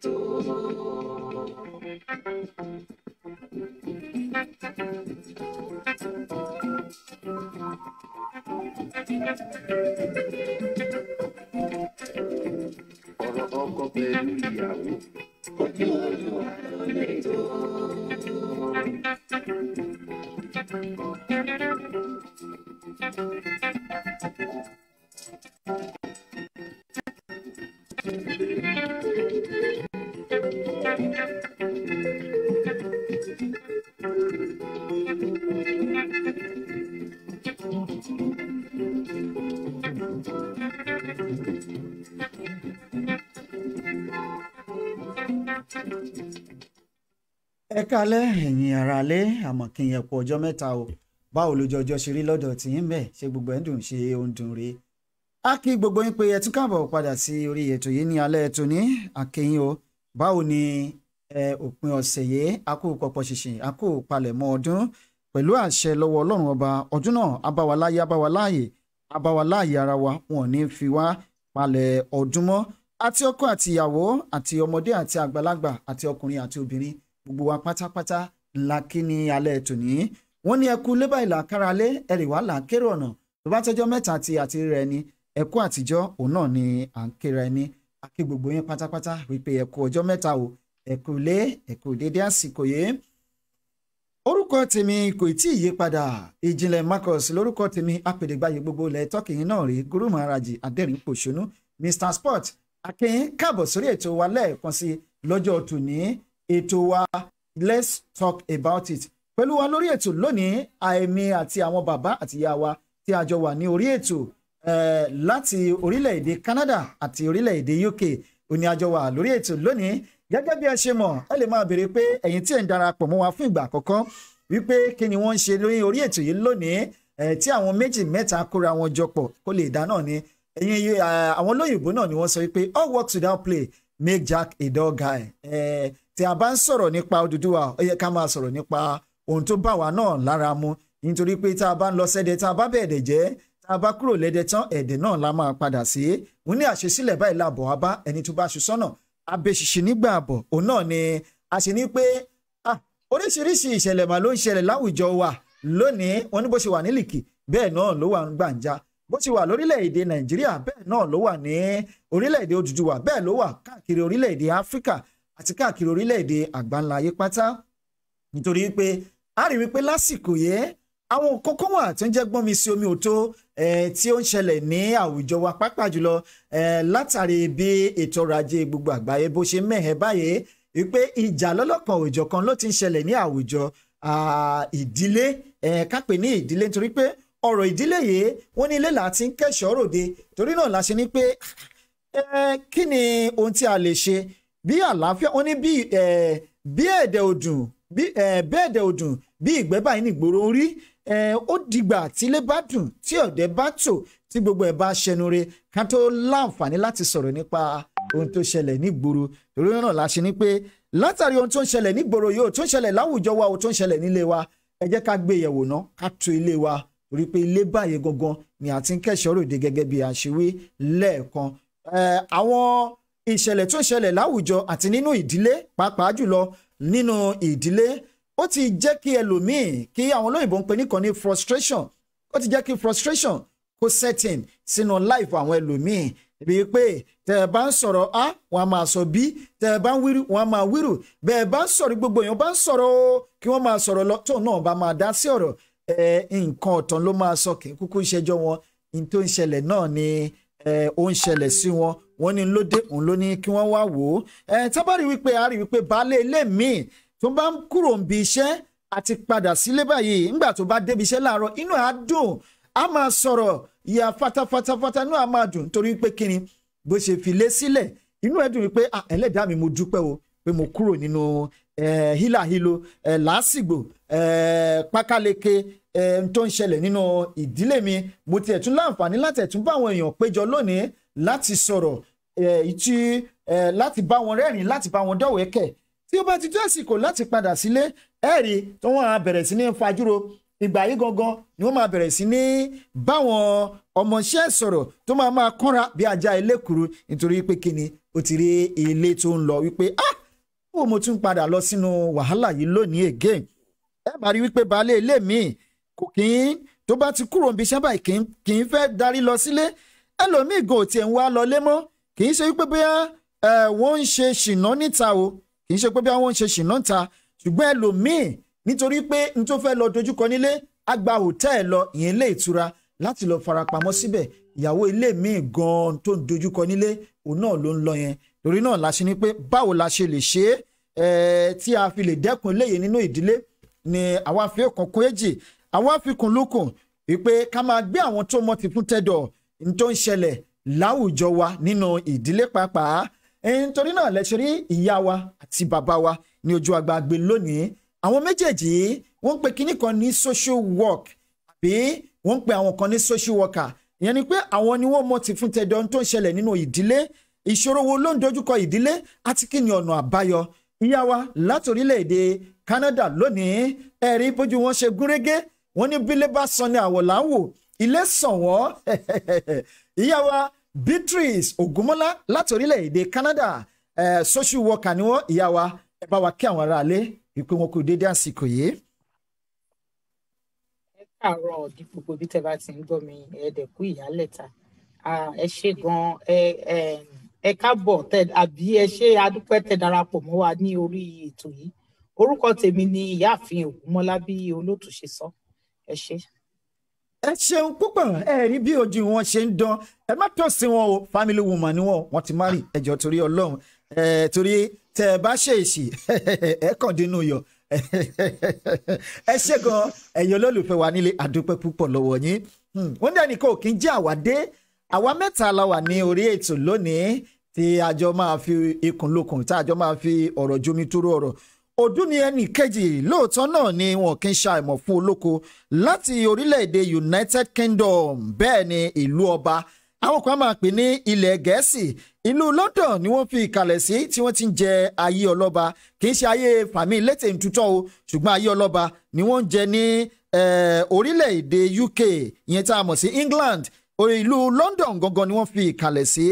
ọ̀rọ̀ ọkọ pẹ̀lú ìyàwó. kálẹ̀ ẹ̀yin aráalé àmọ́ kí n yẹ kú ọjọ́ mẹ́ta o báwo lójú ọjọ́ ṣe rí lọ́dọ̀ tí ń bẹ̀ ṣe gbogbo ẹ̀ ṣe ohun dùn rèé. a kí gbogbo yín pé ẹ tún káàbọ̀ padà sí orí ètò yìí ní alẹ́ ètò ní àkẹyìn o báwo ni òpin ọ̀sẹ̀ yìí a kó pọpọ ṣìṣìn a kó palẹ̀mọ́ ọdún pẹ̀lú àṣẹ lọ́wọ́ ọlọ́run ọba ọdún náà abáwaláyé abáwaláyé abáwaláyé ara wa wọn ò ní fi wá palẹ̀ ọdún mọ́ àti ọkọ àti ìyàwó àti ọmọdé àti àgbàlagbà àti ọkùnrin àti obìnrin gbogbo wa pátápátá la kí ni alẹ́ tòní wọ́n ní ẹkú lébà ìlà káralé ẹ̀rì wà là ń kéré ọ̀nà tó bá tọ́jọ́ mẹ́ta àti àti rẹ̀ ni ẹkú àtijọ́ òun náà ni à ń kéra ẹni akí gbogbo yín pátápátá wípé ẹkú ọjọ́ mẹ́ta o ẹkú lé ẹkú dédé àsìkò yìí orúkọ tèmi kò tí ì yípadà ìjìnlẹ̀ Marcus lórúkọ tèmi apèdègbàyè gbogbo ilẹ̀ tọ́kì yín náà rí gúrú maharaji adẹ́rìn pòṣónú Mr Sport akin káàbọ̀ sórí ètò wa lẹ́ẹ̀kan sí lọ́jọ́ tòní ètò wa let's talk about it pẹ̀lú wa lórí ètò lónìí àìmí àti àwọn bàbá àtìyá wa tí a jọ wà ní orí ètò láti orílẹ̀-èdè Canada àti orílẹ̀-èdè UK òní a jọ wà lórí ètò lónìí gẹ́gẹ́ bí ẹ ṣe mọ̀ ẹ lè máa béèrè pé ẹ̀yin tí ẹ̀ ń darapọ̀ mọ́ wa fún ìgbà àkọ́kọ́ wípé kí ni wọ́n ń ṣe lórí orí ètò yìí lónìí tí àwọn méjì mẹ́ta kóra wọn jọ pọ̀ kó lè dá náà ni ẹ̀yin àwọn olóyìnbó náà ni wọ́n sọ wípé all work without play make Jack a dull guy tí a bá ń sọ̀rọ̀ nípa Odùduwà ó yẹ ká máa sọ̀rọ̀ nípa ohun tó bá wa náà lára mu nítorí pé tá a bá ń lọ sẹ́dẹ̀ tá a bá bẹ̀ẹ̀dẹ̀ jẹ́ tá a bá kúrò lẹ́dẹ̀ tán ẹ̀dẹ̀ náà la máa padà sí mo ní àṣesílẹ̀ báyìí làbọ̀ wá bá ẹni tó bá ṣe sọ́nà abẹ́ṣiṣi nígbà àbọ̀ òun náà ni a ṣe ní pé ah, oríṣiríṣi ìṣẹ̀lẹ̀ mà ló ń ṣẹlẹ̀ láwùjọ wa lónìí wọn ní bó ṣe wà ní lìkì bẹ́ẹ̀ náà ló wà ń gbàǹjà bó ṣe wà lórílẹ̀‐èdè Nàìjíríà bẹ́ẹ̀ náà ló wà ní orílẹ̀‐èdè Odùduwà bẹ́ẹ̀ ló wà káàkiri orílẹ̀‐èdè Áfíríkà àti káàkiri orílẹ̀-èdè àgbáńlá ayé pátá nítorí pé a rí wípé lásìkò yẹn àwọn kókó wà tó ń jẹ́ gbọ́n sí omi òtó tí ó ń ṣẹlẹ̀ ní àwùjọ wa pàápàá jùlọ látàrí bí ètò ọrọ̀ ajé gbogbo àgbáyé bó ṣe mẹ́hẹ̀ báyìí wípé ìjà lọ́lọ́kan òòjọ́ kan ló ti ń ṣẹlẹ̀ ní àwùjọ ìdílé ká pè ní ìdílé nítorí pé ọ̀rọ̀ ìdílé yìí wọ́n ní ilé làá ti ń kẹ́ṣọ̀ọ́ torí náà la ṣe ní pé kí ni ohun tí a lè ṣe bí àlàáfíà wọn ní bí bí ẹ̀dẹ̀ òdùn bí ẹ̀dẹ̀ òdùn bí ìgbẹ́ báyìí nìgboro orí ó dìgbà tílé bá dùn tí ọ̀dẹ̀ bá tò tí gbogbo ẹ̀ bá ṣẹnure ká tó láǹfààní láti sọ̀rọ̀ nípa ohun tó ṣẹlẹ̀ nígboro torí náà la ṣe ni pé látàrí ohun tó ń ṣẹlẹ̀ nígboro yóò tó ń ṣẹlẹ̀ láwùjọ wa ohun tó ń ṣẹlẹ̀ nílé wa ẹ jẹ́ ká gbé yẹ̀wò ná ká tò ilé wa torí pé ilé báyìí gangan ni àti ń kẹ́sọ̀rọ̀ òde gẹ́gẹ́ bí àṣewé lẹ́ẹ̀kan àwọn ìṣẹ̀lẹ̀ tó ń ṣẹlẹ̀ láwùjọ àti nínú ìdílé pàápàá jùlọ nínú ìdílé ó ti jẹ́ kí ẹlòmíì kí àwọn olóyìnbó ń pè nìkan ní frustration ó ti jẹ́ kí frustration kó setting sínú life àwọn ẹlòmíì ibi pé tẹ ẹ bá ń sọ̀rọ̀ a wọ́n á máa sọ bí tẹ ẹ bá ń wíru wọ́n á máa wíru bẹ ẹ bá ń sọ̀rọ̀ gbogbo èèyàn bá ń sọ̀rọ̀ o kí wọ́n máa sọ̀rọ̀ lọ tóun náà bá máa dá sí ọ̀rọ̀ ẹ nǹkan ọ̀tàn ló máa sọ kí kúkú ìṣẹ́jọ́ wọn ní tó ń ṣẹlẹ̀ náà ni ó ń ṣẹlẹ̀ sí wọn wọ́n ní lóde òun ló ní kí wọ́n wá wò ó tábàrí wípé a rí wípé baálé ilé míì tó bá ń kúrò ń bi iṣẹ́ àti padà sílé báyìí ńgbà tó bá débi iṣẹ́ láàárọ̀ inú ẹ̀ á dùn á máa sọ̀rọ̀ ìyá fatafata inú ẹ̀ máa dùn torí pé kíni bó ṣe fi lé sílẹ̀ inú ẹ̀ dùn wípé ẹlẹ́dàá mi mo dúpẹ́ o pé mo kúrò nínú hílàhílo làásìgbò pákáleke tó ń ṣẹlẹ̀ nínú ìdílé mi mo ti ẹ̀tún láǹfààní láti ẹ̀tún bá àwọn èèyàn péjọ lónìí láti sọ̀rọ̀ tí láti bá wọn rẹ́rìn láti bá wọn dọ̀wẹ́kẹ̀ tí ó bá ti tó àsìkò láti padà sílé ẹ̀rí tí wọ́n á bẹ̀rẹ̀ sí ní fajúro ìgbà yìí gangan ni wọ́n máa bẹ̀rẹ̀ sí ní báwọn ọmọọṣẹ́ sọ̀rọ̀ tó máa máa kọ́ra bí ajá elékuru nítorí pé kíni ó ti rí ilé tó ń lọ wípé ah ó mo tún padà lọ sínú wàhálà yìí lónìí again ẹ bá rí wípé baálé ilé míì kò kì í tó bá ti kúrò níbi iṣẹ́ báyìí kì í fẹ́ darí lọ sílé ẹlòmíì gan tiẹ̀ ń wá lọlé mọ́ kì í ṣe wípé bóyá wọ́n ń ṣe ṣìnà níta o kì í ṣe pé bóyá wọ́n ń ṣe ṣìnà níta ṣùgbọ́n ẹlòmíì nítorí pé n tó fẹ́ lọ dojúkọ nílé á gba hòtẹ́ẹ̀ lọ ìyẹn ilé ìtura láti lọ farapamọ́ síbẹ̀ ìyàwó ilé míì gan tó ń dojúkọ nílé òun náà ló ń lọ yẹn torí náà la ṣe ni pé báwo la ṣe lè ṣe é tí a fi lè dẹ́kun eléyìí nínú ìdílé ni àwa fi èèkàn èjì àwa fi kún lókun wípé ká máa gbé àwọn tó mọ ti fún tẹ́dọ̀ ní tó ń ṣẹlẹ̀ láwùjọ wa nínú ìdílé pàápàá nítorí náà lẹ ṣe rí ìyá wa àti bàbá wa ní ojú agbágbé lónìí àwọn méjèèjì wọ́n ń pè kan ní social work àbí wọ́n ń àwọn kan ní social worker ìyẹn ni pé àwọn ni wọ́n mọ ti fún tẹ́dọ̀ ní tó ń ṣẹlẹ̀ nínú ìdílé ìṣòro wo ló ń dojúkọ ìdílé àti kí ni ọ̀nà àbáyọ ìyá wa láti orílẹ̀-èdè Canada lónìí ẹ̀rí bójú wọn ṣe gúnrégé wọ́n ní bílé bá san ni àwọ̀là ń wò ilé sàn wọ́n ìyá wa Beatrice Ògúnmọ́lá láti orílẹ̀-èdè Canada eh, social worker ni wọ́n ìyá wa ẹ bá wa kí àwọn aráalé ìpè wọn kò déédéé àsìkò yìí káàárọ̀ ọ̀dí gbogbo bí tẹ́ bá ti ń gbọ́ mi ẹ̀ẹ́dẹ̀kú ìyálẹ̀ta ẹ ṣe gan ẹ káàbọ̀ àbí ẹ ṣe adúpẹ́ tẹ́ darapọ̀ mọ́ wa ní orí ètò yìí orúkọ tèmi ni ìyáàfin ògúnmọ́lá bí olótù ṣe ẹ ṣe. ẹ ṣeun púpọ̀ ẹ rí bí ojú wọn ṣe ń dán ẹ má tọ̀sí wọn o family woman ni wọn wọn ti má rí ẹjọ́ torí ọlọ́run ẹ torí tẹ ẹ bá ṣe èsì ẹ kàn dínú yọ ẹ ṣe gan ẹ̀yin olólùfẹ́ wa nílé àdúpẹ́ púpọ̀ lọ́wọ́ yín hmm. wọ́n dẹ́ni kò kí ń jẹ́ àwádé àwa mẹ́ta la wà ní orí ètò lónìí tí àjọ máa fi ikùn lókun tí àjọ máa fi ọ̀rọ̀ jomi tóró òdú ni ẹnì kejì lóòótọ́ náà ni wọn kì í ṣàìmọ̀ fún olóko láti orílẹ̀-èdè United Kingdom bẹ́ẹ̀ ni ìlú ọba àwọn kan máa pè ní ilẹ̀ gẹ̀ẹ́sì ìlú London ni wọ́n fi ìkàlẹ̀ sí tí wọ́n ti ń jẹ ayé ọlọ́ba kì í ṣe ayé fàmí létè ntutọ́ o ṣùgbọ́n ayé ọlọ́ba ni wọ́n ń jẹ ní eh, orílẹ̀-èdè UK ìyẹn tá a mọ̀ sí England ìlú London gangan ni wọ́n fi ìkàlẹ̀ sí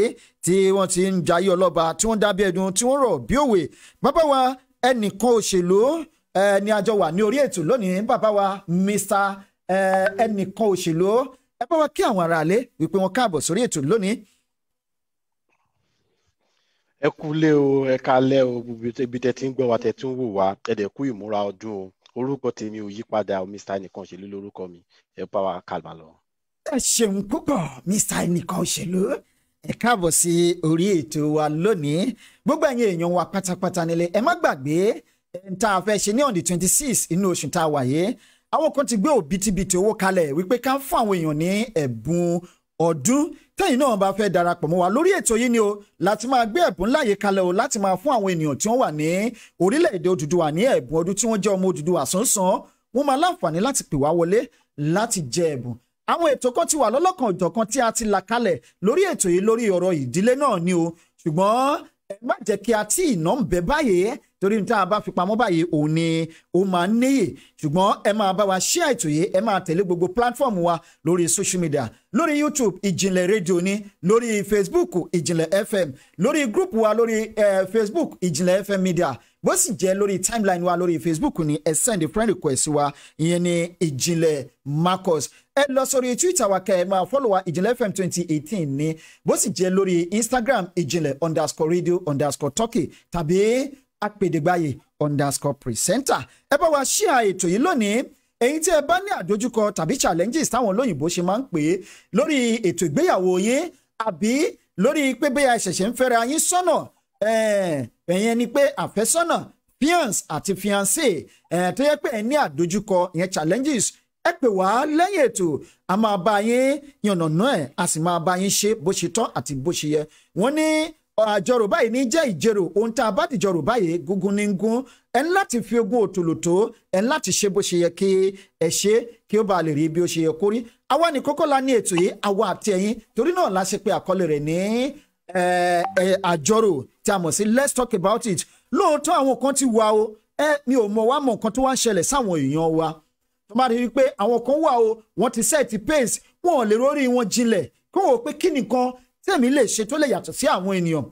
tí wọ́n ti ń jayé ọlọ́ba tí wọ́n dábẹ́ ẹdun tí wọ́n rọ̀ bí òwe bàbá wa ẹnìkan òṣèlú ni àjọ wà ní orí ètò lónìí bàbá wa Mr ẹnìkan òṣèlú ẹ bá wa kí àwọn aráalé wípé wọn káàbọ̀ sórí ètò lónìí ẹ kúlé o ẹ kálẹ́ o ibi tẹ́ ti ń gbọ́ wa tẹ́ ti ń wò wá ẹ dẹ̀ kú ìmúra ọdún o orúkọ tèmi ò yí o Mr ẹnìkan òṣèlú lórúkọ mi ẹ bá wa kàlà lọ. ẹ ṣeun púpọ̀ Mr ẹnìkan òṣèlú ẹ káàbọ̀ sí orí ètò wa lónìí gbogbo ẹ̀yin èèyàn wa pátápátá nílé ẹ má gbàgbé ẹni tá a fẹ́ ṣe ní on twenty six inú oṣù tá a wà yìí àwọn kan ti gbé òbítíbitì owó kalẹ̀ wípé ká fún àwọn èèyàn ní ẹ̀bùn ọdún tẹ́yìn náà bá fẹ́ darapọ̀ mọ́ wa lórí ètò yìí ni o láti máa gbé ẹ̀bùn láàyè kalẹ̀ o láti máa fún àwọn ènìyàn tí wọ́n wà ní orílẹ̀-èdè Odùduwà ní ẹ̀bùn ọdún tí wọ́n jẹ́ ọmọ Odùduwà sánsán wọ́n máa láǹfààní láti pè wá wọlé láti jẹ ẹ̀bùn àwọn ètò kan ti wà lọ́lọ́kan òjọ̀kan tí a ti là kalẹ̀ lórí ètò yìí lórí ọ̀rọ̀ ìdílé náà ni o ṣùgbọ́n ẹ má jẹ́ kí a tí ìná ń bẹ báyìí torí níta bá fi pamọ́ báyìí òun ni ó máa ń níyì ṣùgbọ́n ẹ máa bá wa ṣí ètò yìí ẹ máa tẹ̀lé gbogbo platform wa lórí social media lórí YouTube ìjìnlẹ̀ rédíò ni lórí Facebook ìjìnlẹ̀ FM lórí group wa lórí Facebook ìjìnlẹ̀ FM media bó sì jẹ́ lórí timeline wa lórí facebook ni ẹ send friend request wa ìyẹn ní ìjìnlẹ̀ marcus ẹ lọ sórí twitter wa kẹ ẹ máa follow wa ìjìnlẹ̀ fm twenty eighteen ni bó sì jẹ́ lórí instagram ìjìnlẹ̀ underscore radio underscore turkey tàbí apèdègbàyè underscore presenter ẹ bá wa share ètò yìí lónìí èyí tí ẹ bá ní àdójúkọ tàbí challenges táwọn olóyìnbó ṣe máa ń pè é lórí ètò ìgbéyàwó yín àbí lórí pé bẹ́ẹ̀ ṣẹ̀ṣẹ̀ ń fẹ́ra yín sọ́nà Eh, ẹ̀yẹn ni pé àfẹ́sọ́nà fiance àti fiancé ẹ̀ eh, tó yẹ pé ẹ̀ ní àdójúkọ ìyẹn challenges ẹ pè wá lẹ́yìn ètò a máa bá yín yànnàná ẹ̀ a sì máa bá yín ṣe bó ṣe tán àti bó ṣe yẹ wọ́n ní àjọrò báyìí ní jẹ́ ìjẹrò ohun tá a bá dìjọrò báyìí gúngun ní gún ẹ̀ ń láti fi ogún òtòlótó ẹ̀ ń láti ṣe bó ṣe yẹ kí ẹ ṣe kí ó bá lè rí bí ó ṣe yẹ kó rí àwa ní kókó la ní ètò yìí àwa àti ẹ̀yin torí náà la ṣe pé àkọlé rẹ̀ ní eh, àjọrò tá a mọ̀ sí let's talk about it lóòótọ́ àwọn kan ti wà o ẹ mi ò mọ̀ wá mọ̀ nǹkan tó wá ń ṣẹlẹ̀ sáwọn èèyàn wa tó bá rí i pé àwọn kan wà o wọ́n ti set pace wọn ò lè rórí wọn jinlẹ̀ kó wò pé kí nìkan tèmi lè ṣe tó lè yàtọ̀ sí àwọn ènìyàn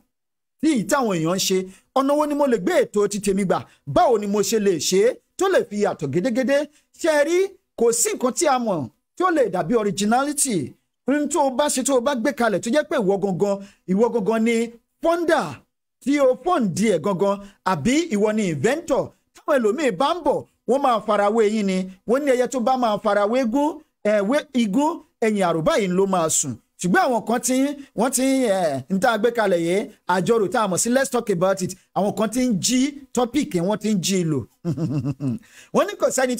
tí ìyí táwọn èèyàn ń ṣe ọ̀nà wo ni mo lè gbé ètò ti tèmi gbà báwo ni mo ṣe lè ṣe é tó lè fi yàtọ̀ gédégédé ṣe rí kò sí nǹkan tí a mọ̀ tí ó lè dàbí originality n tó o bá ṣe tó o bá gbé kalẹ̀ tó jẹ́ pé ìwọ gangan ìwọ gangan ni founder tí theophone díẹ̀ gangan àbí ìwọ ni inventor táwọn ẹlòmíín bá ń bọ̀ wọ́n máa farawé yín ni wọ́n ní ẹyẹ tó bá máa farawé gún ẹ̀wé igú ẹ̀yìn àrùbá yìí ló máa sùn ṣùgbọ́n àwọn kan tí wọ́n ti ń tá a gbé kalẹ̀ yìí àjọrò tá a mọ̀ sí let's talk about it àwọn kan ti ń jí tọ́pìkì wọ́n ti ń jí lò wọ́n ní kò sẹ́ni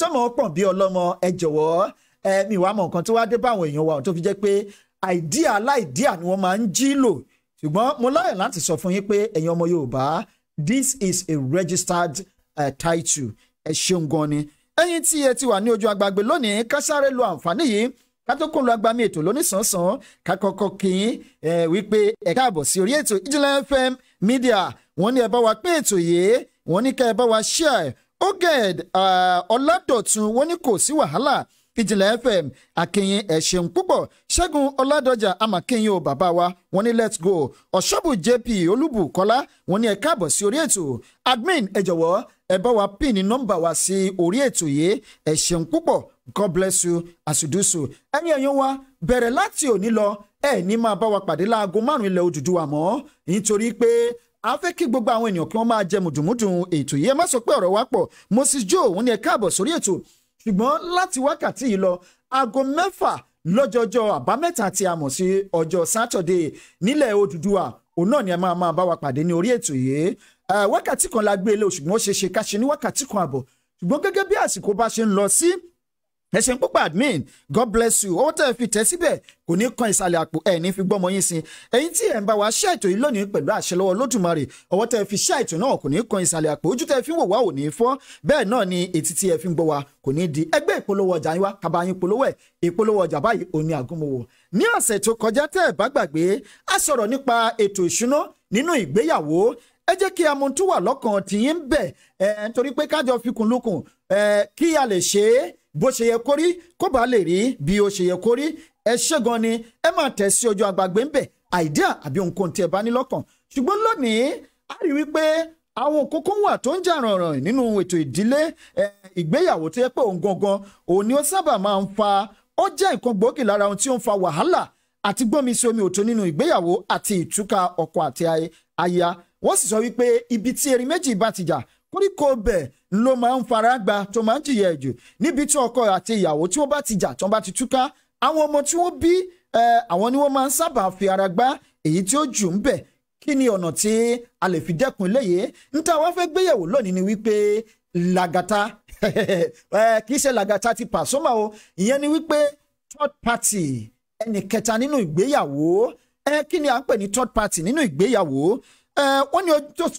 ṣùgbọ́n mo láyọ̀ láti sọ fún yín pé ẹ̀yin ọmọ Yorùbá this is a registered uh, title ẹ ṣeun gan ni ẹ̀yin tí ẹ ti wà ní ojú agbágbé lónìí ká sáré lo àǹfààní yìí kátókùn lọ agbami ètò lónìsànsán kakọkọ kìín ẹ wípé ẹ káàbọ̀ sí orí ètò Ìjìnlẹ̀ FM media wọ́n ní ẹ bá wa pín ètò yìí wọ́n ní ká ẹ bá wa ṣíà Oged uh, Ọládọ̀tun wọ́n ní kò sí wàhálà ìjìnlẹ̀ fm akínyìn ẹ ṣeun púpọ̀ ṣẹ́gun ọládọjà amakínyìn o bàbá wa wọ́n ní let's go ọ̀ṣọ́bù jp olúbùkọ́lá wọ́n ní ẹ káàbọ̀ sí orí ètò admin ẹ jọ̀wọ́ ẹ bá wa pín ní nọ́mbà wa sí orí ètò yìí ẹ púpọ̀ god bless you as you do so ẹni ẹ̀yàn wa bẹ̀rẹ̀ láti òní lọ ẹ ní máa bá wa pàdé láago márùn-ún ilẹ̀ Odùduwà mọ́ nítorí pé a fẹ́ kí gbogbo àwọn ènìyàn kí wọ́n máa jẹ mùdùmùdùn ètò yìí ẹ má sọ pé ọ̀rọ̀ wa pọ̀ Moses Joe wọ́n ní ẹ káàbọ̀ sórí ètò ṣùgbọ́n láti wákàtí yìí lọ aago mẹ́fà lọ́jọ́jọ́ àbámẹ́ta tí a mọ̀ sí ọjọ́ sátọ̀dé nílẹ̀ Odùduwà òun náà ni ẹ máa máa bá wa pàdé ní orí ètò yìí wákàtí kan la gbé e lé o ṣùgbọ́n ó ṣe ṣe ká ṣe ní wákàtí kan àbọ̀ ṣùgbọ́n gẹ́gẹ́ bí àsìkò bá ṣe ń lọ sí ẹ ṣeun púpọ̀ admin god bless you owó tẹ́ ẹ fi tẹ́ síbẹ̀ kò ní kan ìsàlẹ̀ àpò ẹ̀ ní fi gbọ́mọ yín sin ẹ̀yin tí ẹ̀ ń bá wa ṣe ètò yìí lónìí pẹ̀lú àṣẹ lọ́wọ́ lódùmarè ọwọ́ tẹ́ ẹ fi ṣe ètò náà kò ní kan ìsàlẹ̀ àpò ojú tẹ́ fi wò wá ò fọ́ bẹ́ẹ̀ náà ni ètí tí ẹ fi ń gbọ́ wa kò ní di ẹgbẹ́ ìpolówó ọjà yín wá kaba yín polówó ẹ̀ ìpolówó ọjà báyìí òní àgúnmọ̀wò ní ọ̀sẹ̀ tó kọjá tẹ́ ẹ bá gbàgbé a sọ̀rọ̀ nípa ètò ìṣúná nínú ìgbéyàwó ẹ jẹ́ kí amú tó wà lọ́kàn tìyín bẹ̀ ẹ̀ nítorí pé kájọ fikùn lukùn ẹ̀ kí a lè ṣe é bó ṣe yẹ kó rí kó bá lè rí bí ó ṣe yẹ kó rí ẹ ṣé gan ni ẹ máa tẹ̀ sí ojú agbàgbé ń bẹ̀ àìdíà àbí ohunkóhun tí ẹ bá ní lọ́kàn ṣùgbọ́n lónìí a rí wípé àwọn kókó wà tó ń jà rànràn nínú ètò ìdílé ìgbéyàwó tó yẹ pé òun gangan òun ni ó sábà máa ń fa ó jẹ́ nǹkan gbòógì lára ohun tí ó ń fa wàhálà àti gbọ́mi sí omi òtó nínú ìgbéyàwó àti ìtúkà ọkọ àti aya wọ́n sì sọ wípé ibi tí erin méjì bá ti jà koríko bẹ̀ ló máa ń fara gba tó máa ń jìyà jù níbi tí ọkọ àti ìyàwó tí wọ́n bá ti jà tán bá ti túká àwọn ọmọ tí wọ́n bí àwọn ni wọ́n máa ń sábà fi ara gbá èyí tí ó jù ń bẹ̀ kí ni ọ̀nà tí a lè fi dẹ́kun eléyìí ń tá fẹ́ gbéyẹ̀wò lónìí ni wípé làgàtà kì í ṣe làgàtà ti Pasuma o ìyẹn ni wípé third party ẹnì kẹta nínú ìgbéyàwó ẹ kí ni à ń pè ní third party nínú ìgbéyàwó Eh, wọ́n ní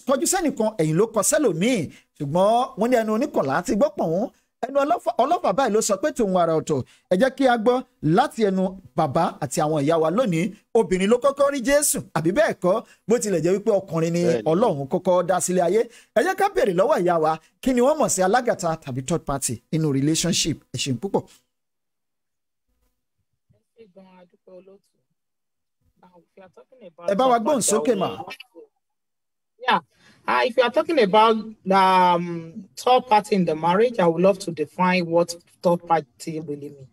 kọjú sẹ́nìkan ẹ̀yìn ló kọ sẹ́lòmíì ṣùgbọ́n wọ́n ní ẹnu oníkànlá ti gbọ́ pọ̀ wọ́n ẹnu ọlọ́fà báyìí ló sọ pé tòun ara ọ̀tọ̀ ẹ jẹ́ kí a gbọ́ láti ẹnu bàbá àti àwọn ìyá wa lónìí obìnrin ló kọ́kọ́ rí Jésù àbí bẹ́ẹ̀ kọ́ bó tilẹ̀ jẹ́ wípé ọkùnrin ni Ọlọ́run kọ́kọ́ dá sílé ayé ẹ jẹ́ ká béèrè lọ́wọ́ ìyá wa kí ni wọ́n mọ̀ sí alágàtà tàbí third party nínú relationship ẹ ṣeun púpọ̀. ẹ bá wa gbóhùn sókè mà. Yeah. Uh, if you are talking about the um, third party in the marriage, I would love to define what third party really means.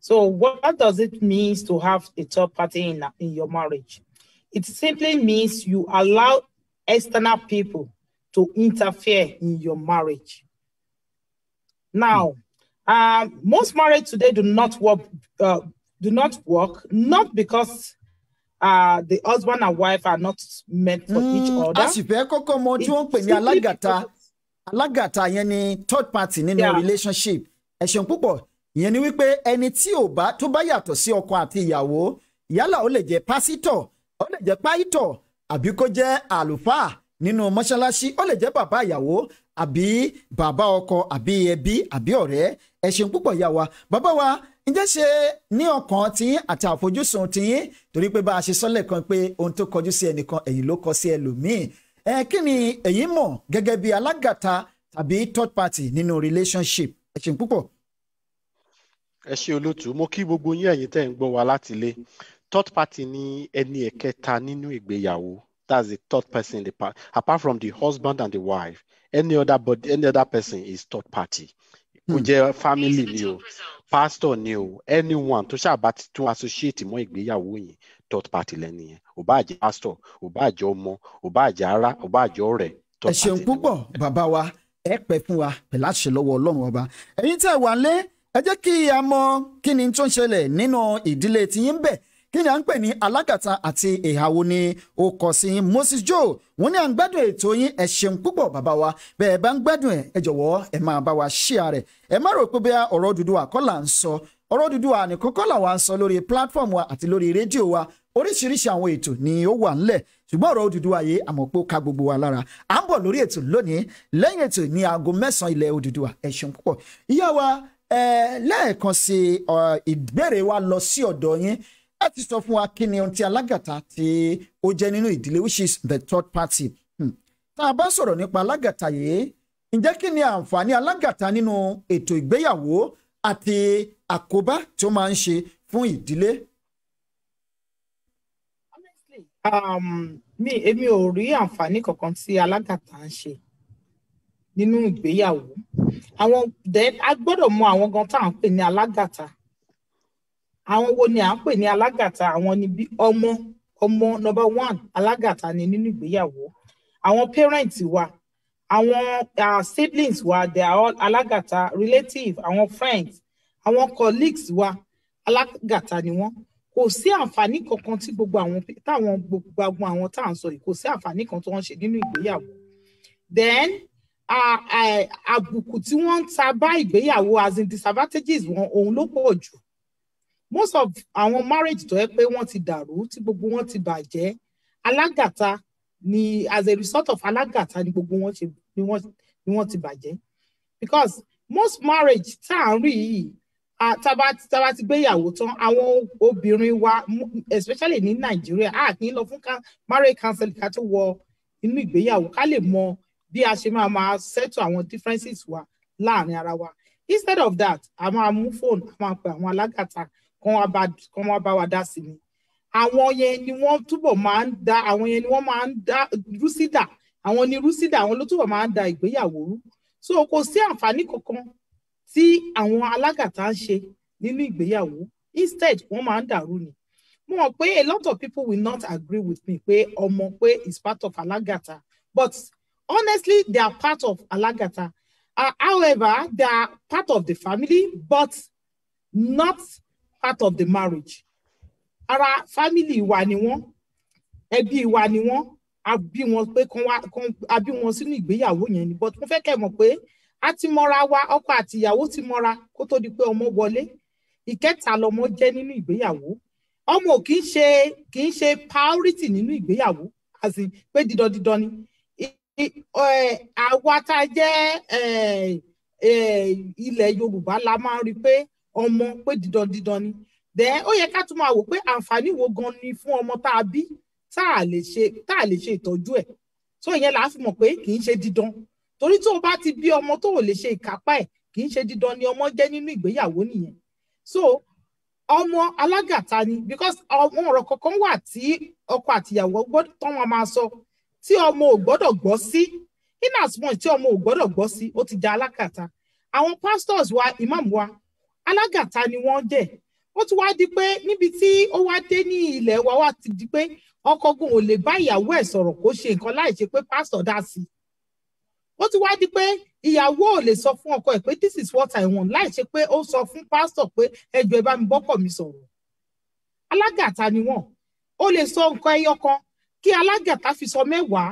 So, what does it mean to have a third party in, in your marriage? It simply means you allow external people to interfere in your marriage. Now, um, most marriage today do not work, uh, do not work, not because uh, the husband and wife are not meant for mm, each other. a sì fẹ́ kọ́kọ́ mọ tí wọ́n ń pè ní alágàtà alágàtà yẹn ni third party nínú yeah. relationship ẹ ṣeun púpọ̀ ìyẹn ni wípé ẹni tí ò bá tó bá yàtọ̀ sí ọkọ àti ìyàwó yálà ó lè jẹ́ pásítọ̀ ó lè jẹ́ páítọ̀ àbí kó jẹ́ àlùfáà nínú mọ́ṣáláṣí ó lè jẹ́ bàbá ìyàwó àbí bàbá ọkọ àbí ẹbí àbí ọ̀rẹ́ ẹ ṣeun púpọ̀ ìyá wa bàbá wa ǹjẹ́ ṣe ní ọkàn tiyín àti àfojúsùn tiyín torí pé bá a ṣe sọ́lẹ̀ kan pé ohun tó kọjú sí ẹnìkan ẹ̀yin ló kọ sí ẹlòmíì ẹ kí ni ẹ̀yin mọ̀ gẹ́gẹ́ bí alágàta tàbí third party nínú relationship ẹ ṣeun púpọ̀. ẹ ṣe olóòtú mo kí gbogbo yín ẹ̀yin tẹ́ ń gbọ́ wa láti ilé third party ni ẹni ẹ̀kẹta nínú ìgbéyàwó That's the third person in the part. Apart from the husband and the wife, any other but any other person is third party. Ó hmm. jẹ́ family ni o, pastor new anyone tó ṣàbá ti tún associate mọ́ ìgbéyàwó yìí third party lẹ́ni yẹn. Ò bá jẹ́ pastor, ò bá jẹ́ ọmọ, ò bá jẹ́ ará, ò bá jẹ́ ọ̀rẹ́. Ẹ ṣeun púpọ̀ bàbá wa ẹ pẹ́ fún wa pẹ̀lú àṣẹ lọ́wọ́ Ọlọ́run ọba. Ẹ̀yin tẹ́ wà lé ẹ jẹ́ kí a mọ̀ kí ni tó ṣẹlẹ̀ nínú ìdílé tiyín bẹ́ẹ̀ kí ni à ń pè ní alágàtà àti ìhàwó ni ó kọ sí Moses Joe wọ́n ní à ń gbádùn ètò yín ẹ ṣeun púpọ̀ bàbá wa bẹ́ẹ̀ bá ń gbádùn ẹ̀ ẹ jọ̀wọ́ ẹ máa bá wa share rẹ̀ ẹ má rò pé bí ọ̀rọ̀ dúdú àkọ́là ń sọ ọ̀rọ̀ dúdú ànìkan kọ́ làwọn ń sọ lórí platform wa àti lórí rédíò wa oríṣiríṣi àwọn ètò ni ó wà ńlẹ̀ ṣùgbọ́n ọ̀rọ̀ Odùduwà yé àmọ́ pé ó ka gbogbo wa lára à ń bọ̀ lórí ètò lónìí lẹ́yìn ètò ní aago mẹ́sàn-án ilẹ̀ Odùduwà ẹ ìyá wa lẹ́ẹ̀kan sí ìbéèrè wa lọ sí ọ̀dọ̀ yín láti sọ fún wa kí ni ohun tí alágàtà tí ó jẹ́ nínú ìdílé which is the third party hmm. tá a bá sọ̀rọ̀ nípa alágàtà yìí ǹjẹ́ kí ni àǹfààní alágàtà nínú ètò ìgbéyàwó àti àkóbá tí ó máa ń ṣe fún ìdílé. Um, mi èmi ò rí àǹfààní kankan tí alágàtà ń ṣe nínú ìgbéyàwó àwọn a gbọ́dọ̀ mọ àwọn gan tá à ń pè ní alágàtà àwọn wo ni à ń pè ní alágàtà àwọn ni bí ọmọ ọmọ number one alágàtà ni nínú ìgbéyàwó àwọn parent wa àwọn uh, siblings wa they are all alágàtà relative àwọn friends àwọn colleagues wa alágàtà ni wọn kò sí àǹfààní kankan tí gbogbo àwọn táwọn gbogbo àwọn tá à ń sọ yìí kò sí àǹfààní kan tí wọn ń ṣe nínú ìgbéyàwó then àbùkù tí wọn ń ta bá ìgbéyàwó as in disadvantages wọn òun ló pọ̀ jù most of our marriage tó yẹ pé wọ́n ti dàrú tí gbogbo wọn ti bàjẹ́ alágàtà ni as a result of alágàtà ni gbogbo wọn ṣe ni wọ́n ni wọ́n ti bàjẹ́ because most marriage tá à ń rí yìí tába tába ti gbéyàwó tán àwọn obìnrin wa especially ní Nigeria, a kì í lọ fún marriage counseling ká tó wọ inú ìgbéyàwó ká lè mọ bí a ṣe ma máa settle àwọn differences wa láàrin ara wa instead of that a máa mú phone a máa pe àwọn alágàtà kán wá bá wa dá sí ni àwọn yẹn ni wọ́n túbọ̀ máa ń da àwọn yẹn ni wọ́n máa ń da rúsídà àwọn ni rúsídà àwọn ló túbọ̀ máa ń da ìgbéyàwó rusida awon lo tubo maa n da igbeyawo so kò sí àǹfààní kankan tí àwọn alágàtà ń ṣe nínú ìgbéyàwó instead wọ́n máa ń dàrú ni mo mọ̀ pé a lot of people will not agree with me pé ọmọ pé is part of alágàtà but honestly they are part of alágàtà uh, however they are part of the family but not part of the marriage ara family wa ni wọ́n ẹbí wa ni wọ́n a bí wọn pé kán wá kán a bí wọn sínú ìgbéyàwó yẹn ni but mo fẹ́ kẹ́ mọ̀ pé a ti mọ́ra wa ọkọ àti ìyàwó ti mọ́ra kó tó di pé ọmọ wọlé ìkẹta lọmọ jẹ́ nínú ìgbéyàwó ọmọ kì í ṣe kì í ṣe priority nínú ìgbéyàwó as in pé dídán dídán ni àwa tá a jẹ́ ilẹ̀ Yorùbá la máa ń rí i pé ọmọ pé dídán dídán ni then ó yẹ ká tún máa wò pé àǹfààní wo gan ni fún ọmọ tá a bí tá a lè ṣe tá a ìtọ́jú ẹ̀ tó ìyẹn là á fi mọ̀ pé kì í ṣe dídán torí tó o bá ti bí ọmọ tó o lè ṣe ìkápá ẹ̀ kì í ṣe dídán ni ọmọ jẹ́ nínú ìgbéyàwó nìyẹn so ọmọ alágàtà ni because àwọn ọ̀rọ̀ kankan wà tí ọkọ àtìyàwó gbọ́dọ̀ tán wọn máa sọ tí ọmọ ò gbọ́dọ̀ gbọ́ sí in as much tí ọmọ ò gbọ́dọ̀ gbọ́ sí ó ti da alágàtà àwọn pastors wa imam wa alágàtà ni wọ́n dẹ̀ ó ti wá di pé níbi tí ó wá dé ní ilẹ̀ wa wá ti di pé ọkọ gun ò lè bá ìyàwó ẹ̀ sọ̀rọ̀ kó ṣe nǹkan láì ṣe pé pásítọ̀ dá sí i ó ti wá di pé ìyàwó ò lè sọ fún ọkọ ẹ̀ pé this is what I want láì ṣe pé ó sọ fún pásítọ̀ pé ẹjọ́ ẹ bá mi bọ́kọ mi sọ̀rọ̀ alágàtà ni wọ́n ó lè sọ nǹkan ẹyọ kan kí alágàtà fi sọ mẹ́wàá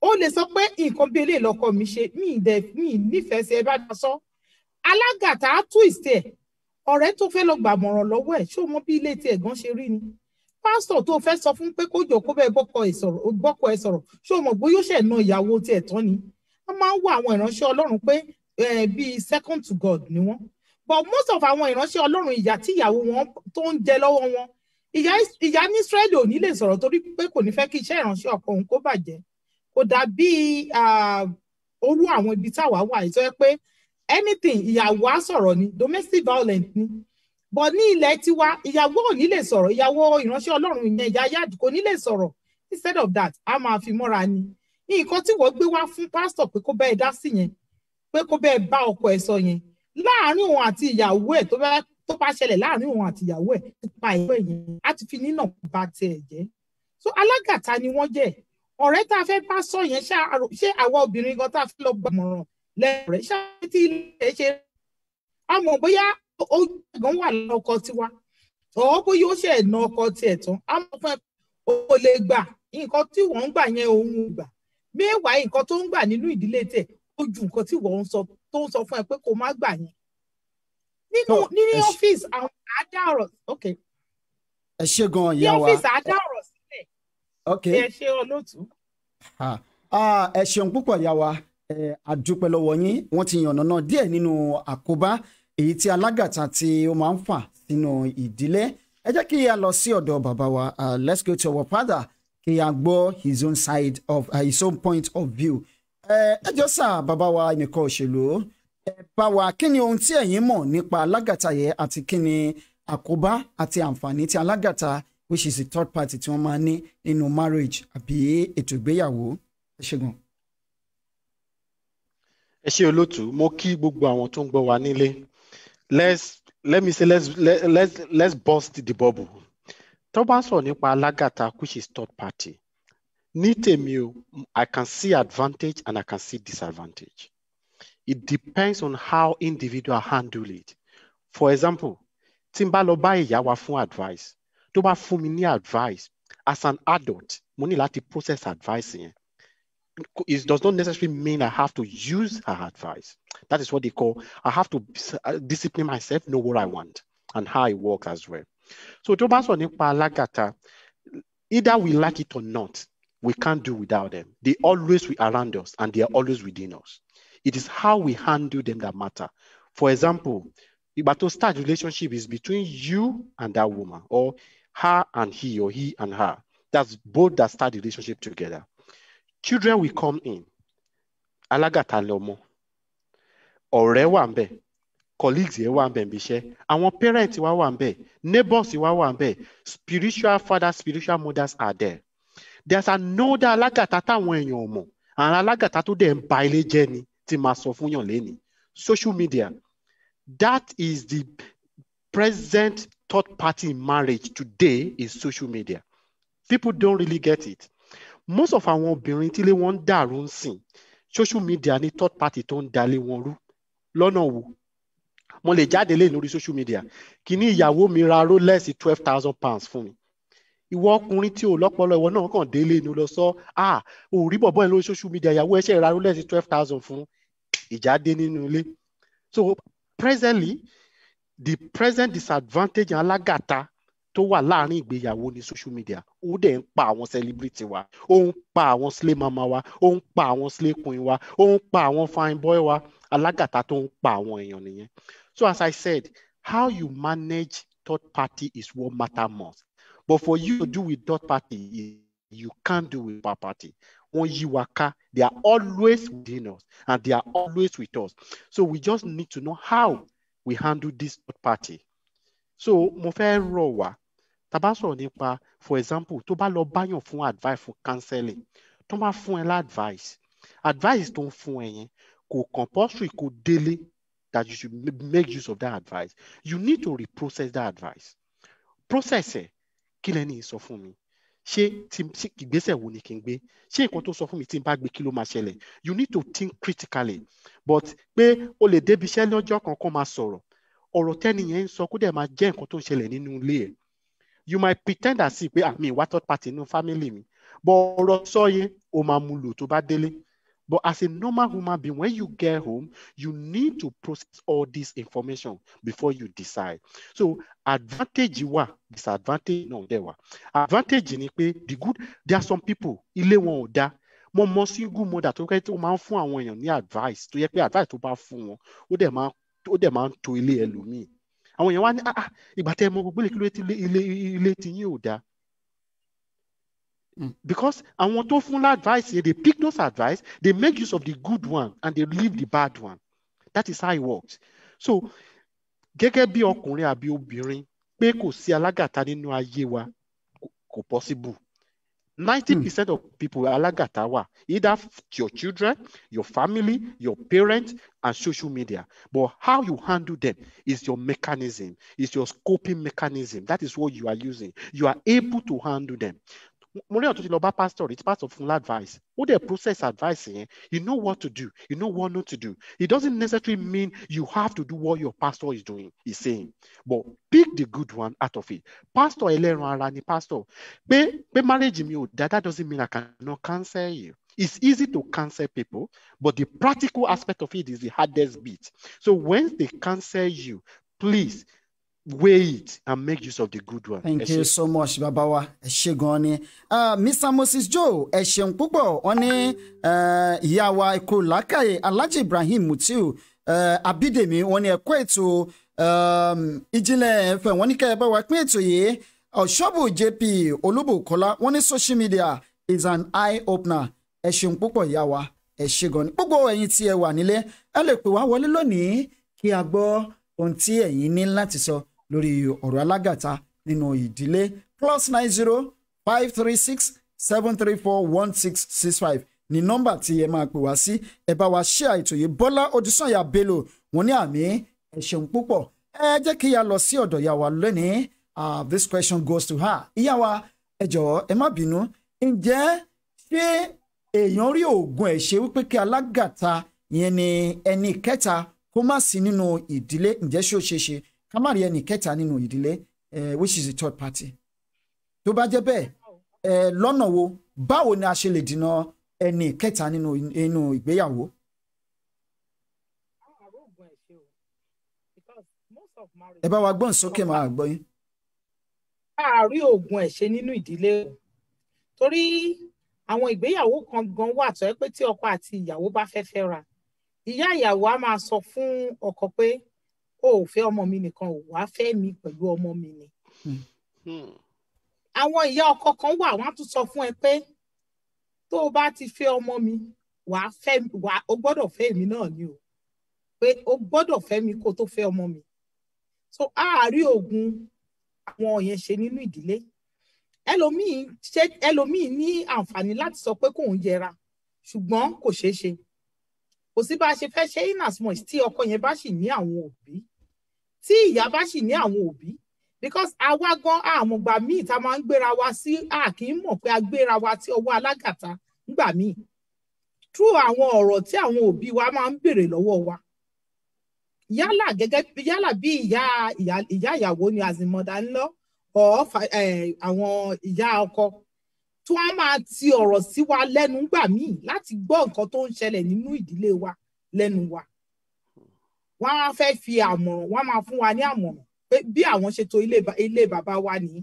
ó lè sọ pé nǹkan bí eléyìí lọkọ mi ṣe mí ìdẹ mí nífẹ̀ẹ́ sí ẹ bá dá sọ. So alágàtà á twist ẹ̀ ọ̀rẹ́ tó fẹ́ lọ gbàmọ̀ràn lọ́wọ́ ẹ̀ ṣé o mọ bí ilé tiẹ̀ gan ṣe rí ni pásítọ̀ tó fẹ́ sọ fún pé kó jọ kó bẹ́ẹ̀ bọ́kọ ẹ̀ sọ̀rọ̀ bọ́kọ ẹ̀ sọ̀rọ̀ ṣé o mọ̀ bóyá ó ṣẹ̀ na ìyàwó tiẹ̀ tán ni wọ́n máa ń wo àwọn ìránṣẹ́ ọlọ́run pé bíi second to God ni wọ́n but most of àwọn ìránṣẹ́ ọlọ́run ìyà tí ìyàwó wọn tó ń jẹ lọ́wọ́ wọn ìyá ní Ísírẹ́lì ò ní lè sọ̀rọ̀ torí pé kò ní fẹ́ kí iṣẹ́ ìránṣẹ́ ọkọ òun kó bàjẹ́ kò dà bíi orú àwọn ibi táwa wà ìtọ́ ẹ pé anything ìyàwó á sọ̀rọ̀ ni domestic violence ni bọ̀ ní ilẹ̀ tiwa ìyàwó ò ní lè sọ̀rọ̀ ìyàwó ìránṣẹ́ ọlọ́run ìyẹn ìyá yáàdì kò ní lè sọ̀rọ̀ instead of that a máa fi mọ́ra ni nǹkan tí wọ́n gbé wá fún pásítọ̀ pé kó bẹ́ẹ̀ dá sí yẹn pé kó bẹ́ẹ̀ bá ọkọ ẹ̀ sọ yẹn láàárín òun àti ìyàwó ẹ̀ tó bẹ́ẹ̀ tó bá ṣẹlẹ̀ láàrin òun àti ìyàwó ẹ̀ nípa ìwé yẹn á ti fi nínà ba tiẹ̀ jẹ́ so alágàtà ni wọ́n jẹ́ ọ̀rẹ́ tá a fẹ́ bá sọ yẹn ṣé àwa obìnrin gan tá a fẹ́ lọ gbàmọ̀ràn lẹ́rẹ̀ ṣáà tí ilé ṣe a mọ̀ bóyá ó gbọ̀ngàn wà lọ́kọ tiwa tọ́ bóyá ó ṣe ẹ̀nà ọkọ tiẹ̀ tán a mọ̀ fún ẹ o lè gbà nǹkan tí wọ́n ń gbà yẹn òun ò gbà mẹ́wàá nǹkan tó ń gbà nínú ìdílé tẹ̀ ó ju nǹkan tí wọ́n tó ń sọ fún ẹ pé kó má gbà yẹn nínú nínú ọ́fíìsì àwọn àádá ọ̀rọ̀ ok. ẹ ṣe gan ìyá wa ní ọ́fíìsì àádá ọ̀rọ̀ sílẹ̀ ẹ ṣe olóòtú. Ah, ẹ ṣeun púpọ̀ ìyá wa àdúpẹ́ lọ́wọ́ yín wọ́n ti yànnà náà díẹ̀ nínú àkóbá èyí tí alágàtà tí ó máa ń fà sínú ìdílé ẹ jẹ́ kí a lọ sí ọ̀dọ̀ bàbá wa uh, let's go to our father kí a gbọ́ his own side of uh, his own point of view ẹ jọ sà bàbá wa nìkan òṣèlú ẹ bá wa kí ni ohun tí ẹ̀yin mọ̀ nípa alágàtà yẹ àti kí ni àkóbá àti àǹfààní tí alágàtà which is the third party tí wọ́n máa ní nínú marriage àbí ètò ìgbéyàwó ẹ ṣe gan. mo kí gbogbo àwọn tó ń gbọ́ wa nílé let's let me say let's let, let's let's burst the bubble tó bá ń sọ̀rọ̀ nípa alágàtà which is third party ní tèmi o I can see advantage and I can see disadvantage it depends on how individual handle it for example tí n bá lọ bá ìyá wa fún advice tó bá fún mi ní advice as an adult mo ní láti process advice yẹn it does not necessarily mean I have to use her advice. That is what they call I have to uh, discipline myself, know what I want and how I work as well. So Thomas, bá sọ nípa alágàtà, either we like it or not, we can't do without them. They always be around us and they are always within us. It is how we handle them that matter. For example, ìgbà tó start relationship is between you and that woman or her and he or he and her. That's both that start the relationship together children will come in alágàtà lọmọ ọ̀rẹ́ wà colleagues yẹn wà ń bẹ̀ ń àwọn parents wa wà neighbors wa wà spiritual fathers spiritual mothers are there there's another alágàtà táwọn èèyàn mọ̀ àwọn alágàtà tó dẹ̀ ń ba tí máa sọ lẹ́ni social media that is the present third party marriage today is social media people don't really get it most of àwọn obìnrin tílé wọn ń dàrú ń sìn social media ní third party tó ń dalé wọn rú lọ́nà wo mo lè jáde lé lórí social media kí ní ìyàwó mi ra rolex twelve thousand pounds fún mi ìwọ ọkùnrin tí ò lọ́pọlọ ìwọ náà kàn délé ni lọ sọ ah ò rí bọ̀bọ̀ ẹ̀ lórí social media ìyàwó ẹ̀ṣẹ̀ ra rolex twelve thousand fún ìjà dé nínú ilé so presently the present disadvantage alágàta tó wà láàrin ìgbéyàwó ní social media ó dẹ̀ ń pa àwọn celebrity wa ó ń pa àwọn slay mama wa ó ń pa àwọn slay queen wa ó ń pa àwọn fine boy wa alágàtà tó ń pa àwọn èèyàn nìyẹn so as I said how you manage third party is what matter most but for you to do with third party you can't do with third party wọ́n you waka they are always within us and they are always with us so we just need to know how we handle this third party so mo fẹ́ rọ̀ wá tá a bá sọ̀rọ̀ nípa for example tó bá lọ báyàn fún advice for counseling tó bá fún ẹ lá advice advice tó ń fún ẹ yẹn kò compulsory kò délé that you should make use of that advice you need to reprocess that advice process ẹ kí lẹ́ni sọ fún mi ṣé ìgbésẹ̀ wo ni kí n gbé ṣé nǹkan tó sọ fún mi tí n bá gbé kí ló máa ṣẹlẹ̀ you need to think critically but pé o lè débi iṣẹ́ lọ́jọ́ kan kó máa sọ̀rọ̀ ọ̀rọ̀ tẹ́niyẹn ń sọ kó dẹ̀ máa jẹ́ nǹkan tó ń ṣẹlẹ̀ nínú ilé ẹ̀ you might pretend as if pé àmì ah, ìwà third party inú family mi but ọ̀rọ̀ sọ yẹn o máa mu lò tó bá délé but as a normal human being when you get home you need to process all this information before you decide so advantage wa, disadvantage náà dẹ̀ wa. advantage ni pe the good there are some people ilé wọn ò dáa mo mọ single mother tó kẹ́ tó máa ń fún àwọn èèyàn ní advice tó yẹ pé advice tó bá fún wọn ó dẹ̀ máa ó dẹ̀ máa ń tọ́ ilé ẹlòmíì àwọn èèyàn wá ní ah, ah ìgbà tẹ́ ẹ mọ gbogbo ilé ilé ti yín ò dáa hmm. because àwọn tó fún advice yẹn they pick those advice they make use of the good one and they leave the bad one that is how it works so gẹ́gẹ́ bí ọkùnrin àbí obìnrin pé kò sí alágàtà nínú ayé wa kò possible 90% mm. of people alagata wa either your children, your family, your parents, and social media. But how you handle them is your mechanism, is your scoping mechanism. That is what you are using. You are able to handle them money rí to ti pastor It's part of full advice. What they process advice you know what to do you know what not to do it doesn't necessarily mean you have to do what your pastor is doing is saying but pick the good one out of it pastor ẹlẹ́ran ara pastor be marriage you That that doesn't mean I cannot cancel you it's easy to cancel people but the practical aspect of it is the hardest bit so when they cancel you please weigh it and make use of the good one. thank you so much Babawa. wa ẹ ṣe gan ni ah, mr moses joe ẹ ṣeun púpọ̀ wọn ní eh, ìyá wa ikú làákàyè alhaji ibrahim mutiu eh, Abidemi. wọn ní ẹ̀kọ́ ètò ehm, ìjìnlẹ̀ fm wọn ní kẹ́ ẹ bá wa pín ètò yìí ọ̀ṣọ́bù jp olúbùkọ́lá wọn ní social media is an eye opener ẹ ṣeun púpọ̀ ìyá wa ẹ ṣe gan ni gbogbo ẹ̀yin tí ẹ wà nílé ẹ lè pè wá wọlé lónìí kí a gbọ́ ohun tí ẹ̀yin ní láti sọ. So lórí ọ̀rọ̀ alágàtà nínú ìdílé plus nine zero five three six seven three four one six six five ni nọ́mbà tí ẹ máa pè wá sí ẹ bá wa ṣe àìtòyè Bọ́lá Odúsànyà Bello wọn ní àmì ẹ ṣeun púpọ̀ ẹ jẹ́ kí a lọ sí ọ̀dọ̀ ìyá wa lónìí ah, this question goes to her ìyá wa ẹ jọ̀ọ́ ẹ má bínú ǹjẹ́ ṣé èèyàn rí oògùn ẹ̀ ṣe wípé kí alágàtà yẹn ni ẹni kẹta kó má sí nínú ìdílé ǹjẹ́ ṣé ó ṣeé ṣe ká má rí ẹnì kẹta nínú ìdílé eh, which is the third party tó bá jẹ́ bẹ́ẹ̀ eh, lọ́nà wo báwo ni a ṣe lè dènà ẹnì kẹta nínú ìgbéyàwó. ẹ bá wa gbọ́n sókè máa gbọ́ yín. àárí oògùn ẹ̀ṣẹ̀ nínú ìdílé torí àwọn ìgbéyàwó kan gan wà tó yẹ pé tí ọkọ àti ìyàwó bá fẹ́ fẹ́ ra ìyá ìyàwó á máa sọ fún ọkọ pé o ò fẹ́ ọmọ mi nìkan ò wá fẹ́ mi pẹ̀lú ọmọ mi ni. Hmm. Hmm. àwọn ìyá ọkọ kan wà wọ́n á tún sọ fún ẹ pé tó o bá ti fẹ́ ọmọ mi wàá fẹ́ wàá o gbọ́dọ̀ fẹ́ èmi náà ni o pé o gbọ́dọ̀ fẹ́ mi kó tó fẹ́ ọmọ mi so àárí ogun àwọn yẹn ṣe nínú ìdílé ẹlòmíì ṣe ẹlòmíì ní àǹfààní láti sọ pé kóun yẹra ṣùgbọ́n kò ṣeé ṣe kò sí bá a ṣe fẹ́ ṣe in as much tí ọkọ yẹn bá sì ní àwọn òbí tí ìyá bá sì ní àwọn òbí because àwa gan àwọn ìgbà míì tá a máa ń gbéra wa sí a kì í mọ̀ pé a gbéra wa tí ọwọ́ alágàtà ńgbà míì through àwọn ọ̀rọ̀ tí àwọn òbí wa máa ń béèrè lọ́wọ́ wa yálà gẹ́gẹ́ yálà bí ìyá ìyá ìyàwó ni àzìmọ̀dá ń lọ ọ̀ àwọn ìyá ọkọ tí wọ́n máa ti ọ̀rọ̀ sí wa lẹ́nu ńgbà míì láti gbọ́ nǹkan tó ń ṣẹlẹ̀ nínú ìdílé wa lẹ́nu wa wọ́n á fẹ́ fi àmọ̀ràn wọ́n á máa fún wa ní àmọ̀ràn pé bí àwọn ṣe tò ilé bàbá wa nìyí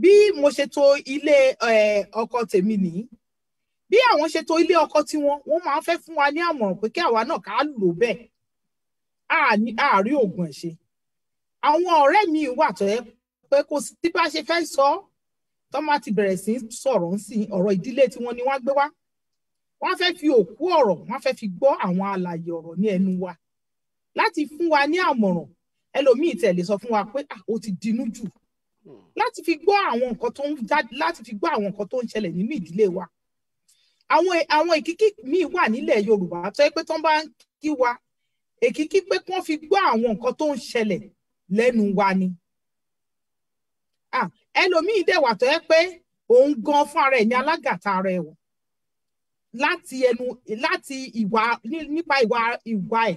bí mo ṣe tò ilé ọkọ tèmi nìyí bí àwọn ṣe tò ilé ọkọ tiwọn wọ́n máa fẹ́ fún wa ní àmọ̀ràn pé kí àwa náà ká lò bẹ́ẹ̀ àárí ògùn ẹ̀ ṣe àwọn ọ̀rẹ́ mi wà tó yẹ pé kò sí bá ṣe fẹ́ sọ tó máa ti bẹ̀rẹ̀ sí sọ̀rọ̀ ń sìn ọ̀rọ̀ ìdílé tiwọn ni wọ́n gbé wá wọ́n fẹ́ fi òkú ọ̀rọ̀ wọ́n fẹ́ fi gbọ́ àwọn àlàyé ọ̀rọ̀ ní ẹnu wa láti fún wa ní àmọ̀ràn ẹlòmíì tẹ̀lé sọ fún wa pé ah, ó ti dinú jù hmm. láti fi gbọ́ àwọn nǹkan tó ń jáde láti fi gbọ́ àwọn nǹkan tó ń ṣẹlẹ̀ nínú ìdílé wa àwọn àwọn èkìkí míì wà nílẹ̀ Yorùbá tó yẹ pé tó ń bá ń kí wa èkìkí pé kí wọ́n fi gbọ́ àwọn nǹkan tó ń ṣẹlẹ̀ lẹ́nu wa ni ah, ẹlòmíì dẹ̀ wà tó yẹ pé òun gan fún ara ẹ̀ ní alágàtà ara ẹ̀ wọ̀ láti ẹnu láti ìwà nípa ìwà ẹ̀